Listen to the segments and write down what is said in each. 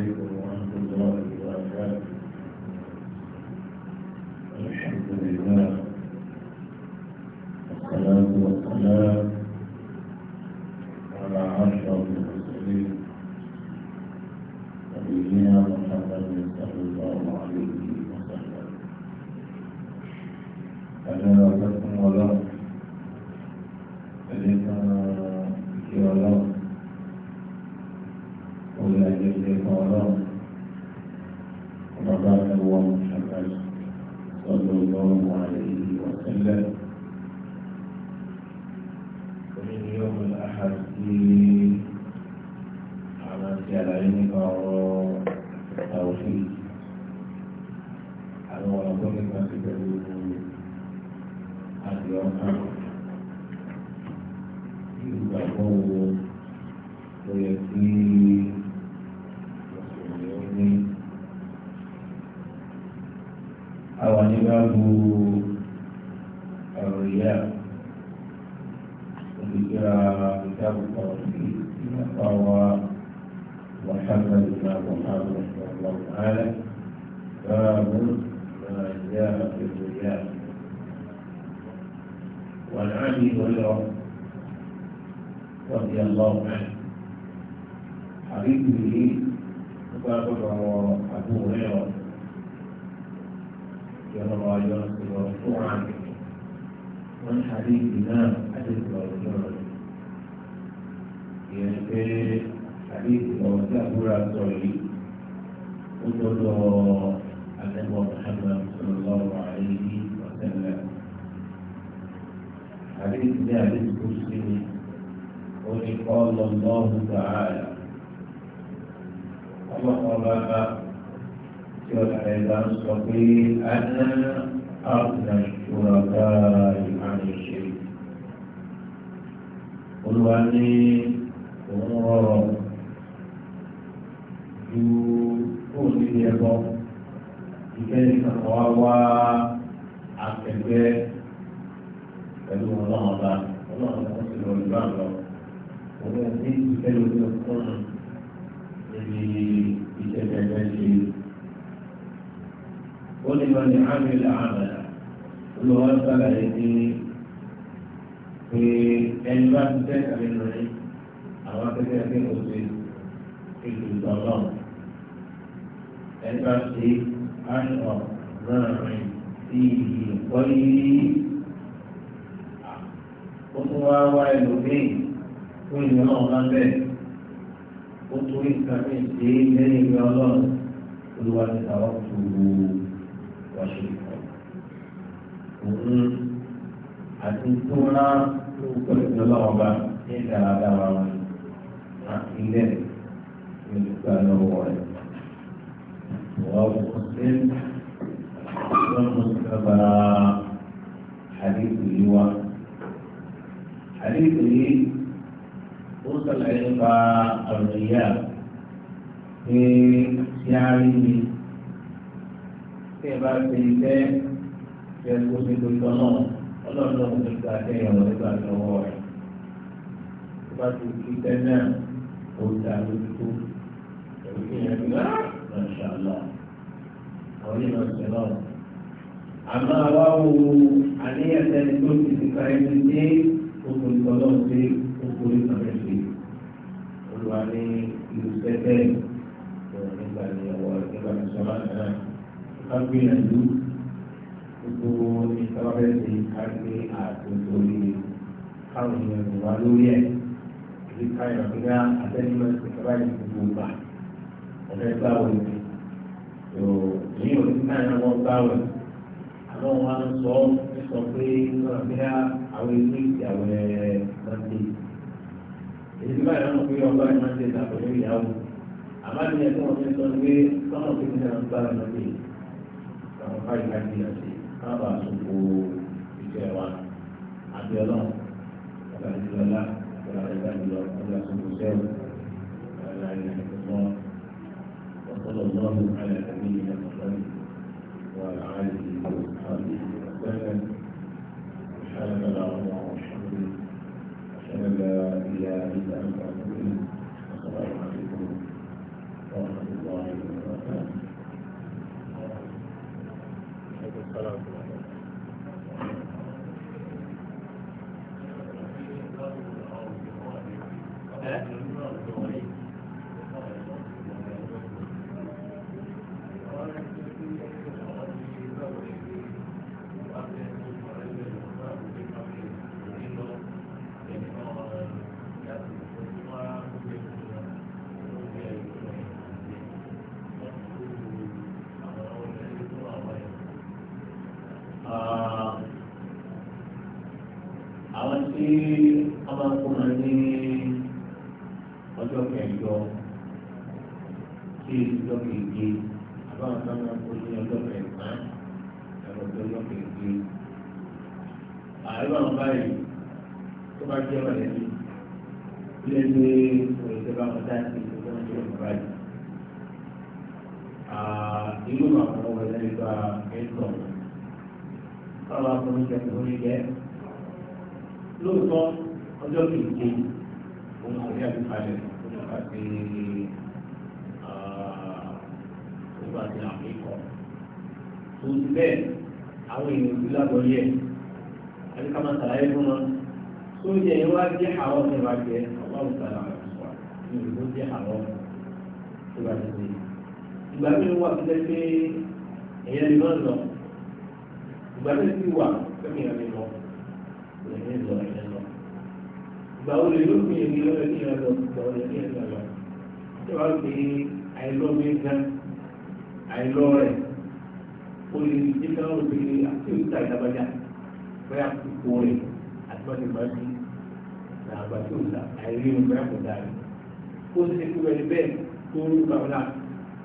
عليكم ورحمة الله وبركاته ìgbàgbọ́ wọn. حديث به أبو هريرة رضي الله مرفوعا من حديث الإمام يعني حديث الرجل يعني حديث الوفاء هو الصعيد وجد النبي محمد صلى الله عليه وسلم حديث لا مسلم قال الله تعالى وقبها والعباد صفي أن أغنى الشركاء عن الشرك قل وأني أمر يكون يبقى لذلك هو أكبر pẹ̀lú ọlọ́run ọba ọlọ́run ọba ó sì lọ ìlú àlọ́ òun ẹ̀ ní ìfẹ́ lórí ọkùnrin sí iṣẹ́ tẹ̀lé ṣe. ó ní wọn ní àmì ìlà àmàlà olùwà sàlàyé pé pé ẹni bá ti tẹ́ kàlẹ́ lọ ní àwọn akẹ́kẹ́ akẹ́kẹ́ òṣè ètò ìtọ́lọ́ ẹni bá ti àṣọ sí ìkọ́ yìí ó tún wá wá ẹlòmíì fún ìyọ́nà ọ̀gá bẹ́ẹ̀. ó torí nǹkan mi dé lẹ́yìn ìwé ọlọ́run olúwa ti tàwọn tó wo wáṣẹ ìkọ òun àti tó rán lórúkọ ìpínlẹ̀ ọlọ́run bá ní ìdáradára wọn àti ilé ní ìdúgbò àlọ́wọ́ rẹ̀ wọ́n kò sí wọ́n mú sábàá àdéhùn yìí wá àdéhùn yìí. sọ̀rọ̀ nípa ọ̀rọ̀ ìyá pé tí a rí mi tí ẹ bá ṣe iṣẹ́ tí ẹ kó ṣe tuntun náà ọlọ́run náà ti gba akẹ́yàwó nígbà lọ́wọ́ rẹ̀ tó bá ti kí iṣẹ́ náà ó dá lójú tó èyí ti yẹn gbá lọ́sàlọ́ àwọn yìí máa ṣe náà. àmọ́ àwa wo àníyàn tẹ́lẹ̀ ti ti ka ẹni dé òkùnrin tọ́lọ́ sí òkùnrin tọ́lọ́ sí ti wá ní ìlú tẹ́tẹ́ nígbà ní ọwọ́ nígbà ní sọ́mà náà ká gbìyànjú gbogbo ìtọ́rẹ́sì kágbé àtúntò yìí káwọn èèyàn lò wá lórí ẹ̀ èyí káyọ̀ pé á àtẹ́numọ́ ti ká báyìí gbogbo gbà ọ̀fẹ́ gbáwò ni yóò ní òní káyọ̀ wọ́n gbáwò àmọ́ wọn á sọ sọ pé sọ̀rọ̀ àwọn ilé ìjà wẹ̀ ẹ́ lọ́dẹ̀ èyí báyìí wọn fi ọgbà ìmọ̀ ṣe ìdàpọ̀ lórí ìyàwó àmàlí ẹ̀ fún ọ̀sẹ̀ sọ pé sọ́nà tó ní ẹran bá ẹran lè àwọn báyìí láti ẹ̀sìn káàbà àsopọ̀ ìfẹ́ àti ọlọ́run lóòótọ́ ọjọ́ kìíní òun kò ní àbíkalẹ̀ nípa ti nípa ti àfikọ́ tó ti bẹ́ẹ̀ àwọn èèyàn ti lágbọ́ yẹ àbíká máa ṣàlàyé fún wọn tó yẹ ìwà jẹ́ àwọn ọ̀sẹ̀ wa jẹ ọ̀pá òṣàlà àtúnṣe ní ìlú jẹ́ àwọn tó bá ti ṣe ìgbà mi wà sílẹ̀ pé ẹ̀yẹ́ ni wọ́n lọ ìgbà mi ti wà fẹ́mi àmì gbàwó lè ló fi èmi lọ́wọ́ ní ọ̀dọ̀ gbàwó lè ní ẹ̀dọ̀ lọ. ṣé wàá pè é àìlọ́ mi gan àìlọ́ rẹ̀ ó lè ní ṣé káwọn obìnrin àti òkúta ìdábàjá bóyá kókó rẹ̀ àti bàtí bàtí làbà tó là àìrí mi bóyá kò dáa rẹ̀. kó o ṣe kúrò ẹni bẹ́ẹ̀ kó o rú gbàwọ́lá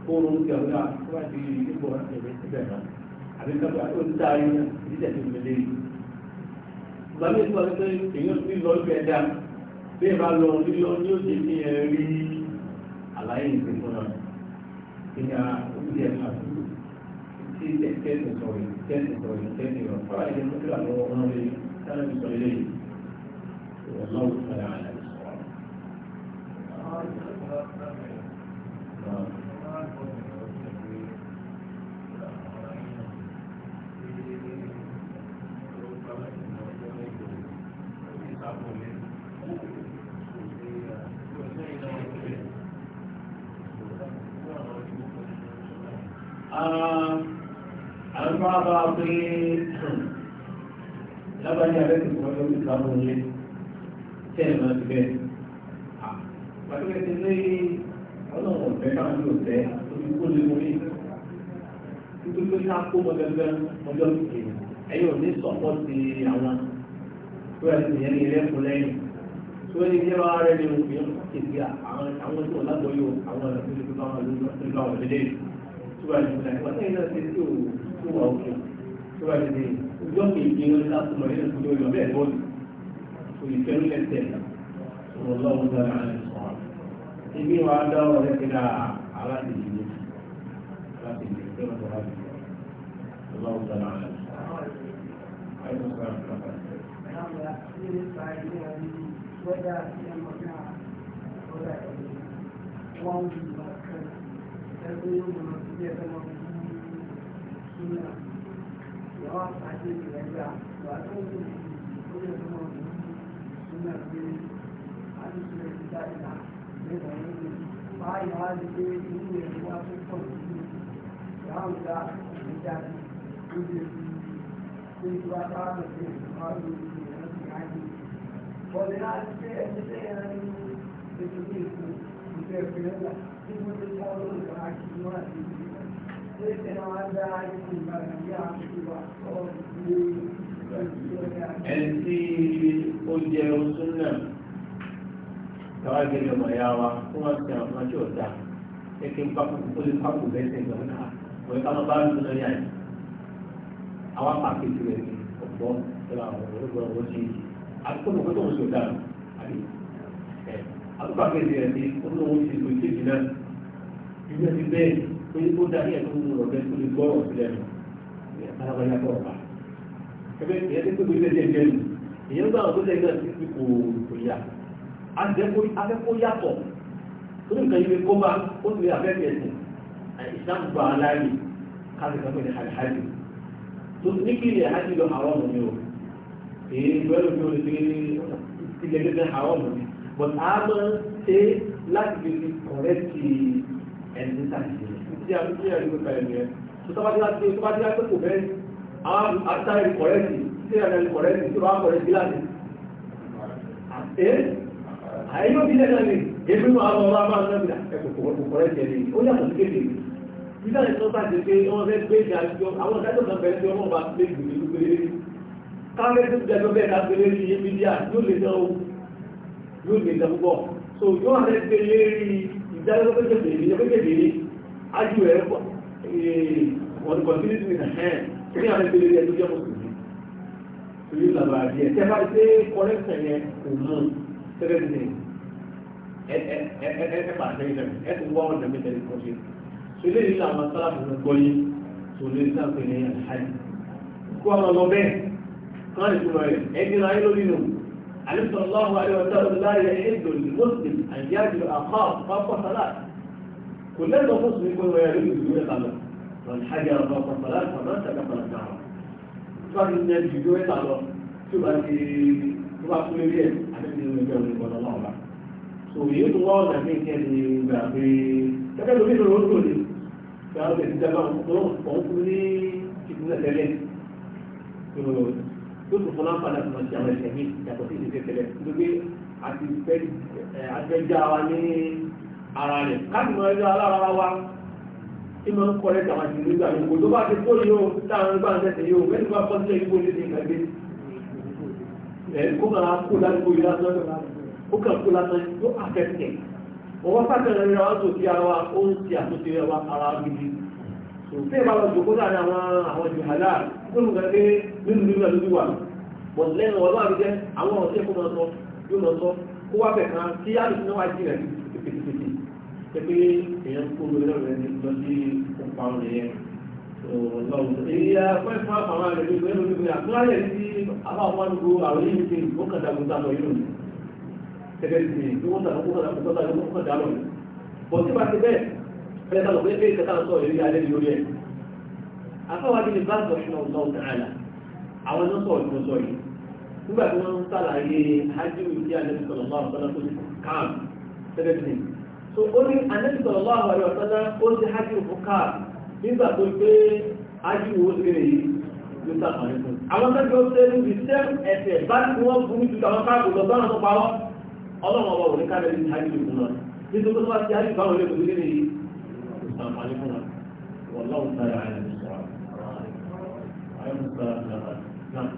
kó o rú gbàwọ́lá kó wàá di ipò ẹ̀mí síbẹ̀ náà àbí kápẹ́ àti òkúta ayé náà ìdíjà tó fi lé bí ìbá lọ lílọ ní òjì ní ẹ̀rí àlàyé ìpín fún wa ìyá òjì ẹ̀ka tí tẹ́sí sọ̀rọ̀ tẹ́sí sọ̀rọ̀ tẹ́sí sọ̀rọ̀ fọ́lá ìdẹ́mọ́tò àlọ́ ọ̀rọ̀ rẹ̀ sáré sọ̀rọ̀ lẹ́yìn ìwọ̀n náà wò àwọn bá pé lábàáyé abẹ́kùn kan ilé tẹ́ ẹ̀ ti bẹ́ẹ̀. pàtó ti lé ọlọ́run ọ̀fẹ́ máa ń tẹ́ ojú kó lé wọlé títí pé ká kó mọ́ ọjọ́ kìkì ẹ̀yìn ní sọ̀pọ̀ ti àwọn tó ẹ̀ sì yẹn ní ilé fún lẹ́yìn tó ní ilé wa rẹ̀ ní òkè kìkì àwọn tó lágbóyò àwọn ẹ̀rọ tó bá wọn lójú tó wà ní ìgbà nípa sẹ́yìn náà ṣe tí òun tó wà òkè tó wà ní ìjọ kejì wọn ká tó lọ́yẹ̀ tó lọ́yẹ̀ ọ̀bẹ́ bọ́ọ̀lù olùfẹ́ ló lẹ́sẹ̀ ọ̀rọ̀ lọ́wọ́ dára rẹ̀ sọ̀rọ̀ ibi wa dá ọ̀rọ̀ rẹ̀ kíra aládìyẹ ní wọ́n ń bí wọ́n kẹ́lẹ̀. Well, they're not, they're, they're, they're, they're, they're, they're, ẹni tí ó jẹ oṣù náà tàwa gẹ́gẹ́ mọ̀ ya wa fún wa ti àwọn ọjọ́ ọ̀dà kékeré pápá ó lè pápá bẹ́ẹ̀ sẹ́gbẹ̀ ọ̀nà òye ká lọ bá lù lọ́yà yìí àwọn pàkíyèsí rẹ̀ ọ̀pọ̀ ẹ̀rọ àwọn ọ̀rọ̀ ọ̀rọ̀ ọ̀rọ̀ ṣe àti kó lóko tó ń ṣe ọ̀dà àbí àtúbàkejì rẹ̀ ní olówó ti lu ìkejì náà ìlú ẹ̀ ti bẹ́ẹ̀ pé ó darí ẹ̀ tó ń rọ̀ bẹ́ẹ̀ tó lè gbọ́ ọ̀rọ̀ sílẹ̀ nù alábàáyá kọ̀ ọ̀pá ẹgbẹ́ ìyẹn tó gbé ilé ẹ̀jẹ̀ nù ìyẹn gbà wọn tó lẹ́yìn náà ti kò kò yá afẹ́kó yàtọ̀ tó ní nǹkan yìí kó bá ó sì lè afẹ́kẹ́ ẹ̀sìn kí ni àlìhájì lọ àwọn ọmọ mi o èyí ìgbẹ́lú mi ò lè fi ilé ẹgbẹ́ àwọn ọmọ mi but a máa ń ṣe láti fi fi kọ̀rẹ́tì ẹni tí a ṣe tí a fi ẹni nípa ẹni ẹ tó tó bá ti láti tó bá ti láti kò bẹ́ẹ̀ àwọn àtà ẹni kọ̀rẹ́tì tí ẹni ẹni kọ̀rẹ́tì tó bá kọ̀rẹ́tì láti ẹ àyè yóò fi lẹ́nu ẹni èmi máa lọ ọlá máa ń lẹ́nu ẹ̀kọ́ kọ̀rẹ́tì ẹni ó yàtọ̀ sí kéde nígbà tí wọ́n bá ti pé wọ́n fẹ́ gbé ìdí àjọ àwọn ìdájọ́ kan bẹ̀rẹ̀ tí wọ́n bá gbé ìgbìmọ̀ ìlú péré káwọn ẹgbẹ́ tó jẹ́ tó bẹ́ẹ̀ ká péré ní ibi díà yóò lè náà yóò lè jẹ so yóò hàn lẹ́gbẹ̀ẹ́ lérí ìdájọ́ pẹ́kẹ̀ẹ́ ní pẹ́kẹ̀ẹ́ ní ájú ẹ̀ wọ́n kọ̀ntínítì ní ẹ̀hẹ́n ní àwọn ẹgbẹ́ lérí ẹjọ́ jẹ́ mùsùlùmí so yóò làbà àdìẹ tẹ́ bá ṣe kọ́lẹ́sẹ̀ yẹn kò mú tẹ́lẹ̀ ní ẹ̀ẹ́dẹ́ pàṣẹ ìdẹ̀mí ẹ̀ tó wọ́n ọ̀dẹ̀mí tẹ́lẹ̀ kọ́ṣe so ilé ìlú àwọn sálàbù ń gbọ́ yìí so lè sáfẹ́ ní àṣà yìí kó àwọn ọmọ bẹ́ẹ̀ kán ìtumọ̀ rẹ̀ ẹ̀dínlá ayé lórí nù علمت الله عليه وسلم لا يحل للمسلم أن يجد أخاه فوق صلاة كلنا مسلم يكون ويريد الدنيا قبله والحجر فوق صلاة فما سكت النار قال إن الجدوى شو شوف شو شوف أنت مريم أنت من الجنة ولا الله أعلم سوريين الله نبي كان يبقى تكلم منه الرسول كان يتبع الطرق فوق لي كتنا ثلاثة yóò tó fọlá padà tó ma ti àwọn ẹ̀sẹ̀ mi yàtọ̀ sí ìdíje tẹ̀lẹ̀ gbogbo àti àtẹ̀já wa ní ara rẹ̀ káàdì mọ̀ ẹjọ́ alára wa tí mo ń kọ́ lẹ́tà wa sí nígbà yòókù tó bá ti tó yóò táwọn ẹgbẹ́ àwọn ẹ̀sẹ̀ yóò mẹ́tì bá bọ́sílẹ̀ yìí bóyá ti gbàgbé ẹ̀ kó kàn á kó lásìkò yìí lásán ó kàn kó lásán tó àfẹ́sẹ̀ ọwọ́ sákẹ̀rẹ̀ rẹ̀ wá tó ti ara wa ó ń ti àtúnṣe wa ara gidi tó tẹ́ ìbára jòkó láàrin àwọn àwọn jùhálà tó lù gàdé nínú nínú àlójú wà bọ̀ lẹ́nu ọlọ́wà ló jẹ́ àwọn ọ̀rọ̀ tí ẹ̀kọ́ máa sọ yóò lọ sọ kó wá bẹ̀ kan kí alùpùpù náà wá jí rẹ̀ pètèpètè pé pé èèyàn kó lórí ọ̀rẹ́ ní lọ sí ọ̀pá ọ̀rẹ́ yẹn ìyá fún ẹ̀fún àfàwọn àrẹ̀ ló gbé lórí ìgbìyà tó láyẹ̀ sí àbáwọn gbogbo àwọn yìí ti ó kàdà gbogbo àlọ́ yìí lòdì tẹ́lẹ̀ sí ní wọ́n tàbí kó kàdà gbogbo àlọ́ yìí lòdì afọwọ́dé lè bá sọ ṣùnà ọ̀tọ̀ ọ̀tàlá àwọn náà sọ ọ̀tọ̀ sọ yìí nígbà tí wọ́n ń sàlàyé hajjíwì sí Ànábì sallallahu alaihi wasallam tó ti káàm sẹ́gẹ́tì so ó ní Ànábì sallallahu alaihi wasallam ó ti hajjíwì fún káàm nígbà tó gbé hajjíwì ó ti rè yìí ló sàkànnì fún àwọn tó gbé ṣe níbi sẹ́m ẹ̀sẹ̀ bá ti ní hajjíwì fún wọn السلام نعم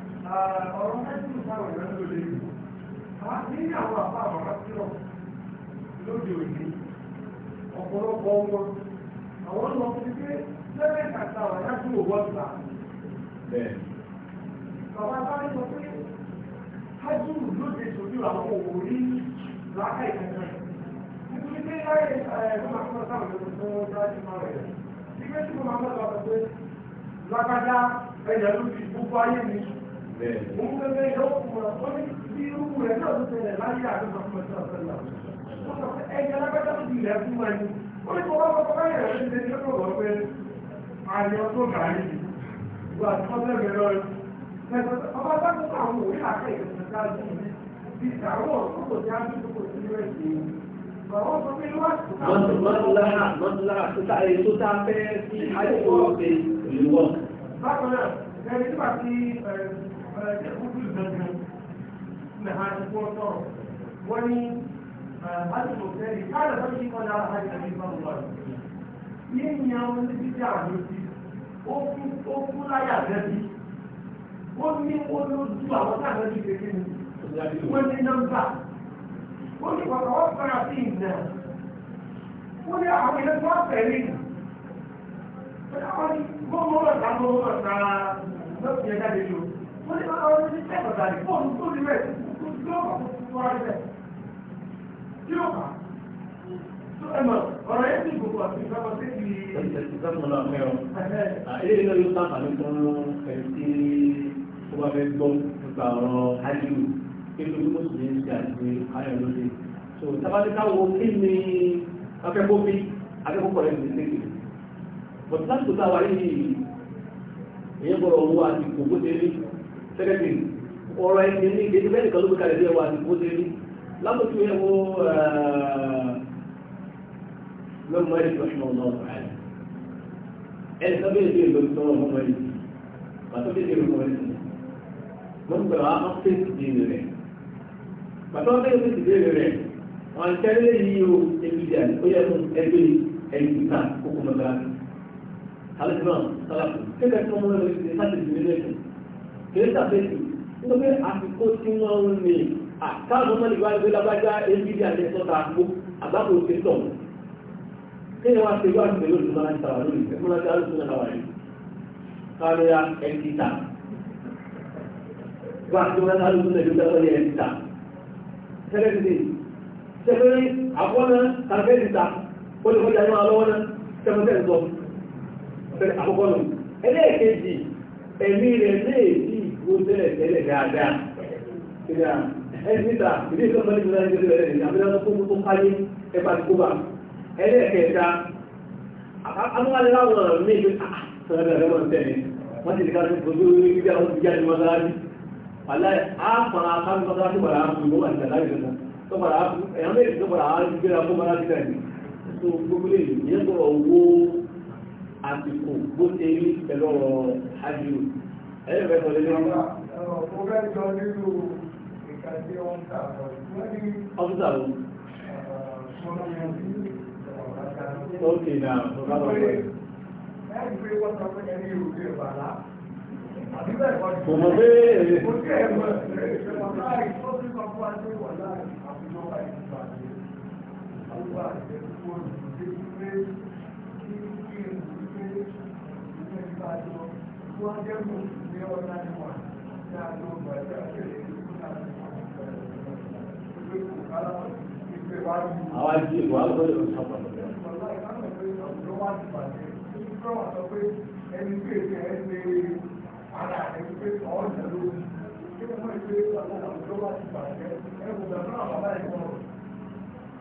ọ̀rọ̀ mẹ́sìn sáwọn ìrìn ló lè rí nínú àwọn àpá àbàbà tí lọ lóde òní ọ̀pọ̀lọpọ̀ wọn àwọn lọ sí pé lẹ́rẹ̀ kàtà ọ̀rọ̀ yá sí òwò ọ̀sà bẹ́ẹ̀ bàbá sáré sọ pé hájúù lóde ìṣojú àwọn òwò rí láàkà ìkẹkẹ nítorí pé láyé ẹ̀ẹ́dọ́ máa fún ọ̀sán òjò tó ń dá sí máa rẹ̀ ìgbésí mo máa ń lọ́dọ̀ ọ̀sán pé lágbájá ẹ̀yà ló fi gbogbo ayé mi òun ìgbà tí wọ́n فيقول البلد مع الكورتور وني هذا المثال lè lò. àgbàdì fóònù tó ní rẹ̀ tó ti lọ́pàá tó ti tọ́ra rẹ̀. Kí ló fà? Ẹ̀mọ̀ ọ̀rọ̀ yẹn ti gbogbo àti ìfẹ́kọ̀ sí ti. Ìfẹ́kọ̀ náà fẹ́ ọ. Ilé iná yóò sábà ní fún ẹni tí ó bá fẹ́ gbọ́ nípa ọ̀rọ̀ Ájíù. Kí ló mú sí ní So tábàtíkà wo kí ni akẹ́kọ̀ọ́ bí akẹ́kọ̀ọ́ kọ̀ lẹ́yìn ìdílé kìí? Bọ̀dé láti tó táwa yìí, èyí gbọ́dọ̀ owó àti kòkó tẹ́lẹ̀ ọ̀rọ̀ ẹni ní ìgbésí bẹ́ẹ̀ nìkan ló gbé kalẹ̀ bí ẹwà ní bó ṣe rí lábòtú yẹn wo lọ́mọ ẹ̀rí ìfọ̀ṣọ́ ọ̀nà ọ̀rọ̀ ẹni tó bẹ́ẹ̀ bí èlò tó ọmọ ẹ̀rí pàtó bẹ́ẹ̀ bí èlò ẹ̀rí mo ń gbẹ̀rọ àwọn fèsì bí èlò rẹ̀ pàtó bẹ́ẹ̀ fèsì bí èlò rẹ̀ wọ́n ń tẹ́lẹ̀ yìí o ebi dẹ̀ ó yẹ fún ẹgbẹ́ ẹ̀yìn náà kókó mọ́tà alẹ́ nítorí àsìkò tí wọ́n ń lè àkáàbọ̀ mọ́ ìwà ìwé lábájá abd àti ẹ̀sọ́ta àgbo àgbàpọ̀ òkè tọ̀ kéèyàn wá ṣe wá ṣe lórí ìmọ̀lá ìtawà lórí ìmọ̀lá ìtawà lórí ìmọ̀lá ìtawà yìí káríà ẹ̀ǹtìtà wá ṣe wá ṣe lórí ìmọ̀lá ẹ̀ǹtìtà tẹ́lẹ̀tìtì tẹ́lẹ̀ àkọ́nà tàbẹ́ǹtìtà ó lè kọjá ní alọ́wọ́ náà tẹ́lẹ̀tẹ̀ ń sọ tó tẹ́lẹ̀ tẹ́lẹ̀ dáadáa ìdá ẹ̀sìta ìdí ìtọ́sọ́ ní ìlànà ìdílé rẹ̀ ní àbílẹ̀ tó tó káyé ẹgbà tó bá ẹlẹ́ẹ̀kẹta amúhalẹ́láwọ̀ ní ìlú sọ̀rọ̀ ẹ̀rọ wọn tẹ̀lé wọ́n ti dìkan tó tó rí bí àwọn ìjà ní mọ́sálásí wàláì àpàrà akáwọn mọ́sálásí wà láàpù ìwọ́n àti ìjàlá ìjọba tó wà láàpù ẹ̀yàn méjì tó wà láàpù gbéra fún mọ́sálásí rẹ̀ ní tó gbogbo lè yẹ kọ̀ owó àsìkò bó ṣe rí pẹ̀lú ọ̀rọ̀ àdìrò ẹ̀yẹ́ fẹ́ sọ lélẹ́ ọ́fíìsà ló ok na ọ̀gá lọ́wọ́ Kò mọ̀ eh, àwọn àti ìwà lọ́dọ̀ ìṣọ́pọ̀. Ẹni pé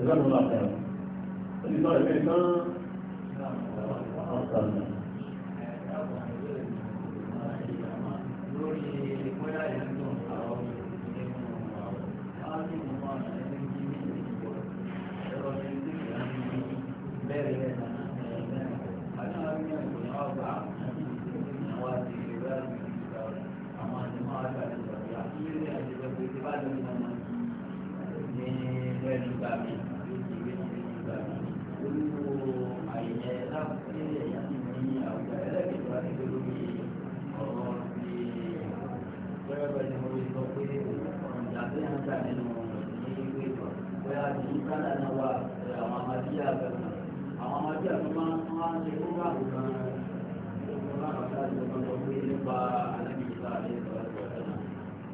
ìlànà ọ̀la kan bùkátà náà wà àwọn amadíyà bẹ̀rẹ̀ àwọn amadíyà tó máa ń máa ń ṣe fún báàbò kan ọ̀pọ̀ láwọn aṣáájú ọ̀pọ̀ tó gbé nípa àlẹ́bí ìta àti ìta ìta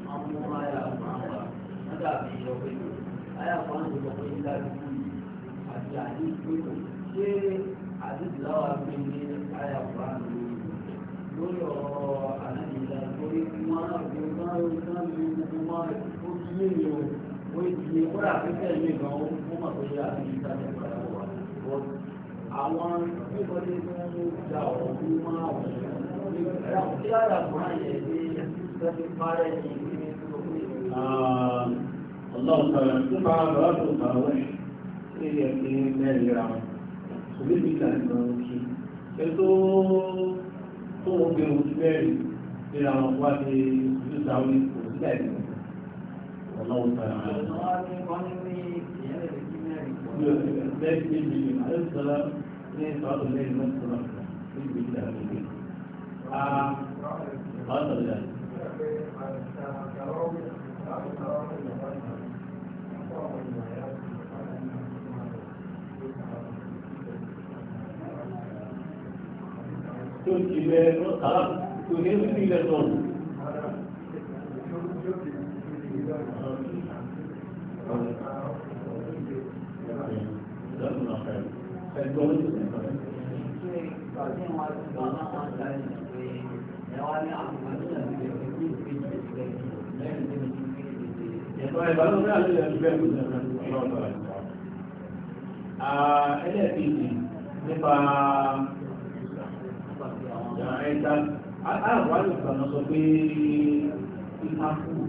máa ń mú àyà máa wà wọ́n dàbí ọ̀pẹ̀ ìlú àyà kan ló sọ pé ìlà ìlú àti àdé ìgbéko ṣé àdéhùláwà gbé ní àyà kan lórí ọ̀rọ̀ àlẹ́bí ìta lórí wọn àwọn ìgbéko wọn lórí wọn lórí wọn lórí wọn ó ti kódà pípẹ́ mi gan ó mọ̀ pé yà á fi ìtajà padà wà but àwọn nígbàdé tó ń da ọ̀rọ̀ bí wọ́n á wọ̀ ní ìlànà kúrán yẹn ní sẹ́fí parẹ́ ní ìlú tó kú yìí. ọlọ́run sọ̀rọ̀ nípa bàbá tó bá wẹ̀ ṣé yẹ kí mẹ́rin ra wọn òbí mi kà ní ọ̀rọ̀ kí ẹ tó ń gbé ojú mẹ́rin ní àwọn wá ní ìlú sáwọn kò sí àìsàn. الله تعالى ذلك يجب على الصلاة ليه صلاة الليل ما الصلاة يجب الله عليه آه هذا الله tó ti bẹ ọ̀tá tó ní ìlẹ̀ lọ́rùn Ẹlẹ́ẹ̀kejì nípa ẹ̀ta, àwọn àwọn àlùfààná sọ pé ìtàkùn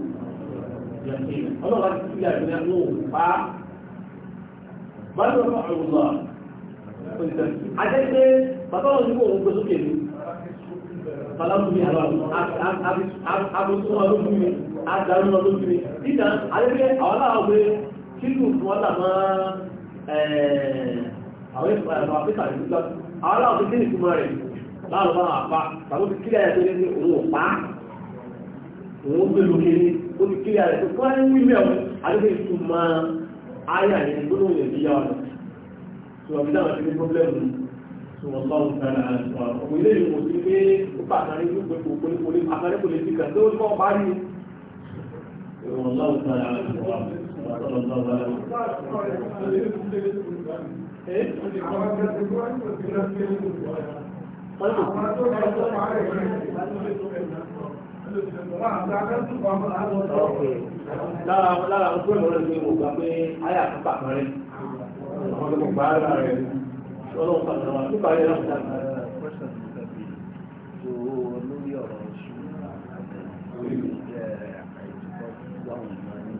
ọlọ́run ti fi àwọn àwọn àpẹta àwọn aláwọ̀ rẹ̀ láàrùn bá àpá tàbí ní òun ò òun gbé lókè ní ní kílíà rẹ̀ tó kọ́ ní wílẹ̀ ọ̀hún àdúgbò ìtumọ̀ ayé àyè gbólóhùn yẹn yíyá ọ̀nà tó wà bíláwọ̀ sí ní pọ́blẹ́mù tó wọ́n bá wọn sára ọ̀pọ̀ ilé ìwò sí pé ó bá àkàrí ní pé kò ní kòlé àkàrí kò lè fi kà tó kọ́ bá rí wọ́n bá wọn sára ọ̀pọ̀ lára lára tó lọ rẹ̀ ní ìwògbà pé àyà kan pàtó rẹ̀ àwọn tó gbà á rà rẹ̀ ọlọ́run pàtó rẹ̀ nípa rẹ̀ láti dá rẹ̀. lórí ọ̀rọ̀ ìṣúná jẹ́ àìsíkọ́ láwọn ìgbà ní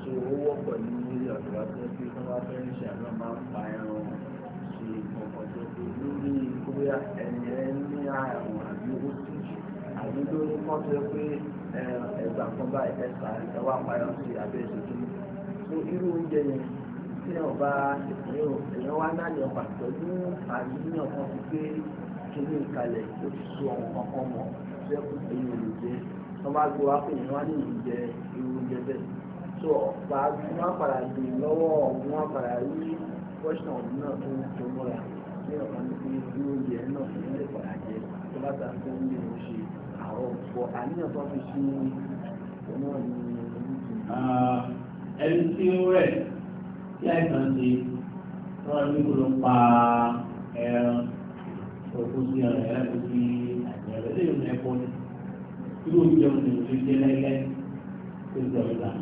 so ó wọ́pọ̀ ní orí ọ̀dọ̀ wa tó fi fún wa fẹ́ ṣe àná àbí tó kọ́ tó yẹ pé ẹgbà kan bá ẹ̀ka ìtawà pààyàn sí abẹ́ ìṣèjú fún irú oúnjẹ yẹn tí ẹ̀ bá èèyàn wá náà ní ọkọ̀ àtọ́jú àníyàn kan fi pé kíní ìkalẹ̀ ó ti so ọkọ̀ mọ̀ lẹ́kùn èyí ò lè jẹ́ wọ́n bá gbé wá pé èèyàn wá ní ìjẹ irú oúnjẹ bẹ́ẹ̀ tó ọ̀pá wọn padà dè lọ́wọ́ wọn padà rí pọ́ṣọ̀n ọ̀hún náà tó ń tó mọ́ra ní ọ̀kan ní irú oúnjẹ náà ní ọ̀pọ̀ àníyàn tó fi ṣe náà ni ẹni tí ó rẹ̀ tí àìsàn ṣe wọ́n ní kó ló pa ẹran òkú sí ọ̀rọ̀ ẹ̀rọ tó fi àìsàn rẹ̀ lẹ́yìn ọ̀nà ẹ̀kọ́ ni irú ìjẹun ní ìlú jẹ́ lẹ́lẹ́ tó ń jẹun ìlànà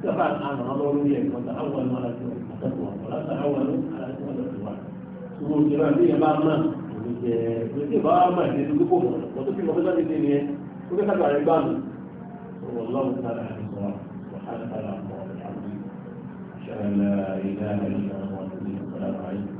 tí a bá àwọn ọlọ́run yẹ kọ́ ta àwọn ọlọ́run àti àtẹ̀kọ̀ àwọn ọlọ́run àti àtẹ̀kọ̀ àwọn ọlọ́run àti àtẹ̀kọ̀ àwọn ọlọ́run ìjẹ́ ìgbésí ìbá máa ìdí ìdúgbò pọ̀ mọ́ tó fi mọ̀ fẹ́ والله تعالى الصواب ان لا اله الا انت